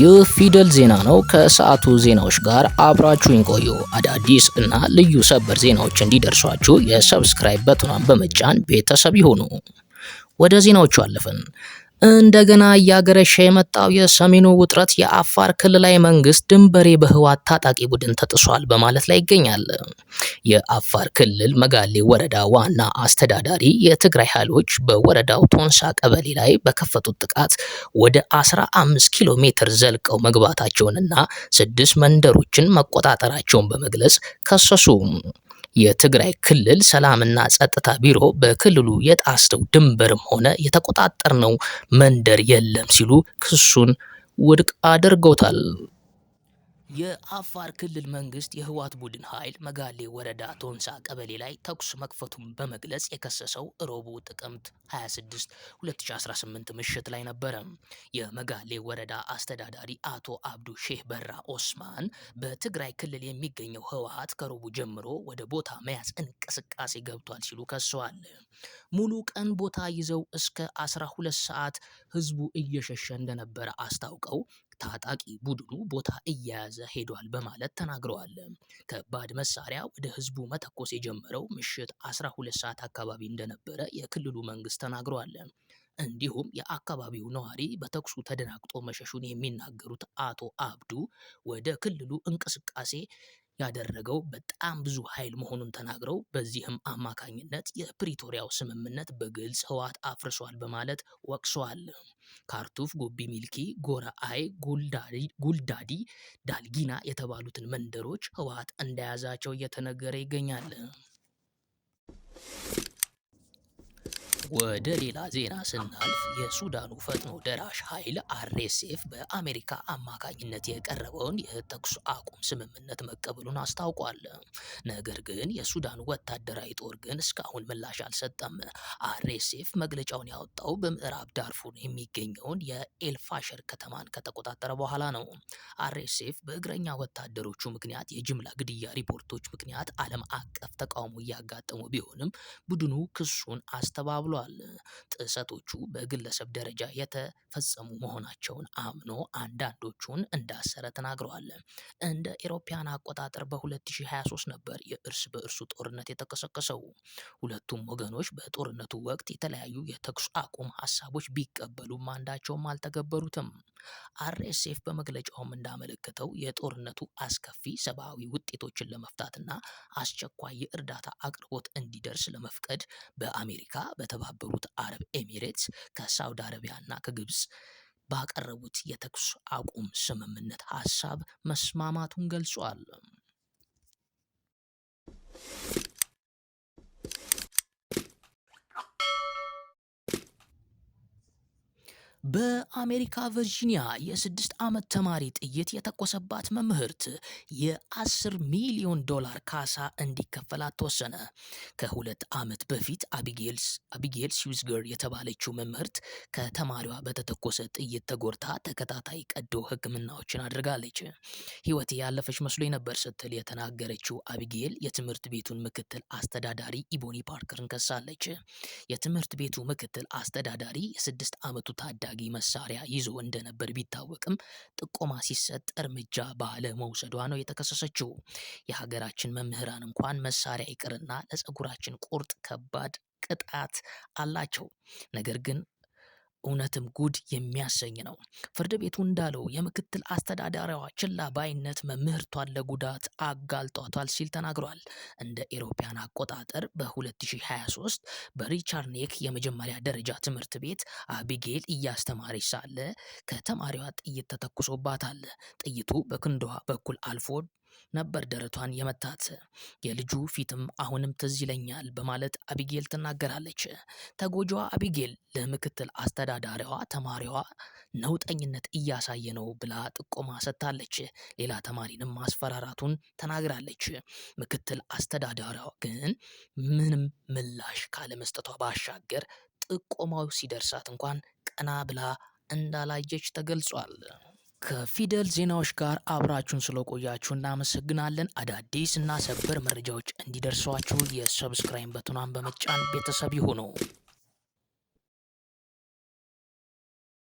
ይህ ፊደል ዜና ነው። ከሰዓቱ ዜናዎች ጋር አብራችሁኝ ቆዩ። አዳዲስ እና ልዩ ሰበር ዜናዎች እንዲደርሷችሁ የሰብስክራይብ በትኗን በመጫን ቤተሰብ ይሁኑ። ወደ ዜናዎቹ አለፍን። እንደገና እያገረሸ የመጣው የሰሜኑ ውጥረት የአፋር ክልላዊ መንግስት ድንበሬ በህዋት ታጣቂ ቡድን ተጥሷል በማለት ላይ ይገኛል። የአፋር ክልል መጋሌ ወረዳ ዋና አስተዳዳሪ የትግራይ ኃይሎች በወረዳው ቶንሳ ቀበሌ ላይ በከፈቱት ጥቃት ወደ 15 ኪሎ ሜትር ዘልቀው መግባታቸውንና ስድስት መንደሮችን መቆጣጠራቸውን በመግለጽ ከሰሱ። የትግራይ ክልል ሰላምና ጸጥታ ቢሮ በክልሉ የጣስነው ድንበርም ሆነ የተቆጣጠርነው መንደር የለም ሲሉ ክሱን ውድቅ አድርገውታል። የአፋር ክልል መንግስት የህወሓት ቡድን ኃይል መጋሌ ወረዳ ቶንሳ ቀበሌ ላይ ተኩስ መክፈቱን በመግለጽ የከሰሰው ሮቡ ጥቅምት 26 2018 ምሽት ላይ ነበረ። የመጋሌ ወረዳ አስተዳዳሪ አቶ አብዱ ሼህ በራ ኦስማን በትግራይ ክልል የሚገኘው ህወሓት ከሮቡ ጀምሮ ወደ ቦታ መያዝ እንቅስቃሴ ገብቷል ሲሉ ከሰዋል። ሙሉ ቀን ቦታ ይዘው እስከ 12 ሰዓት ህዝቡ እየሸሸ እንደነበረ አስታውቀው ታጣቂ ቡድኑ ቦታ እየያዘ ሄዷል በማለት ተናግረዋል። ከባድ መሳሪያ ወደ ህዝቡ መተኮስ የጀመረው ምሽት 12 ሰዓት አካባቢ እንደነበረ የክልሉ መንግስት ተናግረዋል። እንዲሁም የአካባቢው ነዋሪ በተኩሱ ተደናግጦ መሸሹን የሚናገሩት አቶ አብዱ ወደ ክልሉ እንቅስቃሴ ያደረገው በጣም ብዙ ኃይል መሆኑን ተናግረው በዚህም አማካኝነት የፕሪቶሪያው ስምምነት በግልጽ ህወሓት አፍርሷል በማለት ወቅሰዋል። ካርቱፍ፣ ጎቢ ሚልኪ፣ ጎረአይ፣ ጉልዳዲ፣ ዳልጊና የተባሉትን መንደሮች ህወሓት እንደያዛቸው እየተነገረ ይገኛል። ወደ ሌላ ዜና ስናልፍ የሱዳኑ ፈጥኖ ደራሽ ኃይል አርኤስኤፍ በአሜሪካ አማካኝነት የቀረበውን የተኩስ አቁም ስምምነት መቀበሉን አስታውቋል። ነገር ግን የሱዳን ወታደራዊ ጦር ግን እስካሁን ምላሽ አልሰጠም። አርኤስኤፍ መግለጫውን ያወጣው በምዕራብ ዳርፉር የሚገኘውን የኤልፋሸር ከተማን ከተቆጣጠረ በኋላ ነው። አርኤስኤፍ በእግረኛ ወታደሮቹ ምክንያት የጅምላ ግድያ ሪፖርቶች ምክንያት ዓለም አቀፍ ተቃውሞ እያጋጠሙ ቢሆንም ቡድኑ ክሱን አስተባብሏል። ብሏል። ጥሰቶቹ በግለሰብ ደረጃ የተፈጸሙ መሆናቸውን አምኖ አንዳንዶቹን እንዳሰረ ተናግረዋል። እንደ ኢሮፓያን አቆጣጠር በ2023 ነበር የእርስ በእርሱ ጦርነት የተቀሰቀሰው። ሁለቱም ወገኖች በጦርነቱ ወቅት የተለያዩ የተኩስ አቁም ሀሳቦች ቢቀበሉም አንዳቸውም አልተገበሩትም። አርኤስኤፍ በመግለጫውም እንዳመለከተው የጦርነቱ አስከፊ ሰብአዊ ውጤቶችን ለመፍታትና አስቸኳይ የእርዳታ አቅርቦት እንዲደርስ ለመፍቀድ በአሜሪካ በተባ የተባበሩት አረብ ኤሚሬትስ ከሳውዲ አረቢያ እና ከግብፅ ባቀረቡት የተኩስ አቁም ስምምነት ሀሳብ መስማማቱን ገልጿል። በአሜሪካ ቨርጂኒያ የስድስት ዓመት ተማሪ ጥይት የተኮሰባት መምህርት የአስር ሚሊዮን ዶላር ካሳ እንዲከፈላት ተወሰነ። ከሁለት ዓመት በፊት አቢጌል ሲውዝገር የተባለችው መምህርት ከተማሪዋ በተተኮሰ ጥይት ተጎድታ ተከታታይ ቀዶ ሕክምናዎችን አድርጋለች። ሕይወቴ ያለፈች መስሎ ነበር ስትል የተናገረችው አቢጌል የትምህርት ቤቱን ምክትል አስተዳዳሪ ኢቦኒ ፓርከርን ከሳለች። የትምህርት ቤቱ ምክትል አስተዳዳሪ የስድስት ዓመቱ ታዳጊ መሳሪያ ይዞ እንደነበር ቢታወቅም ጥቆማ ሲሰጥ እርምጃ ባለመውሰዷ ነው የተከሰሰችው። የሀገራችን መምህራን እንኳን መሳሪያ ይቅርና ለፀጉራችን ቁርጥ ከባድ ቅጣት አላቸው። ነገር ግን እውነትም ጉድ የሚያሰኝ ነው። ፍርድ ቤቱ እንዳለው የምክትል አስተዳዳሪዋ ችላ ባይነት መምህርቷን ለጉዳት አጋልጧቷል ሲል ተናግሯል። እንደ ኢሮፓያን አቆጣጠር በ2023 በሪቻርኔክ የመጀመሪያ ደረጃ ትምህርት ቤት አቢጌል እያስተማረች ሳለ ከተማሪዋ ጥይት ተተኩሶባታል። ጥይቱ በክንዷ በኩል አልፎ ነበር ደረቷን የመታት። የልጁ ፊትም አሁንም ትዝ ይለኛል በማለት አቢጌል ትናገራለች። ተጎጂዋ አቢጌል ለምክትል አስተዳዳሪዋ ተማሪዋ ነውጠኝነት እያሳየ ነው ብላ ጥቆማ ሰጥታለች። ሌላ ተማሪንም ማስፈራራቱን ተናግራለች። ምክትል አስተዳዳሪዋ ግን ምንም ምላሽ ካለመስጠቷ ባሻገር ጥቆማው ሲደርሳት እንኳን ቀና ብላ እንዳላየች ተገልጿል። ከፊደል ዜናዎች ጋር አብራችሁን ስለቆያችሁ እናመሰግናለን። አዳዲስ እና ሰበር መረጃዎች እንዲደርሷችሁ የሰብስክራይብ በቱናን በመጫን ቤተሰብ ይሁኑ።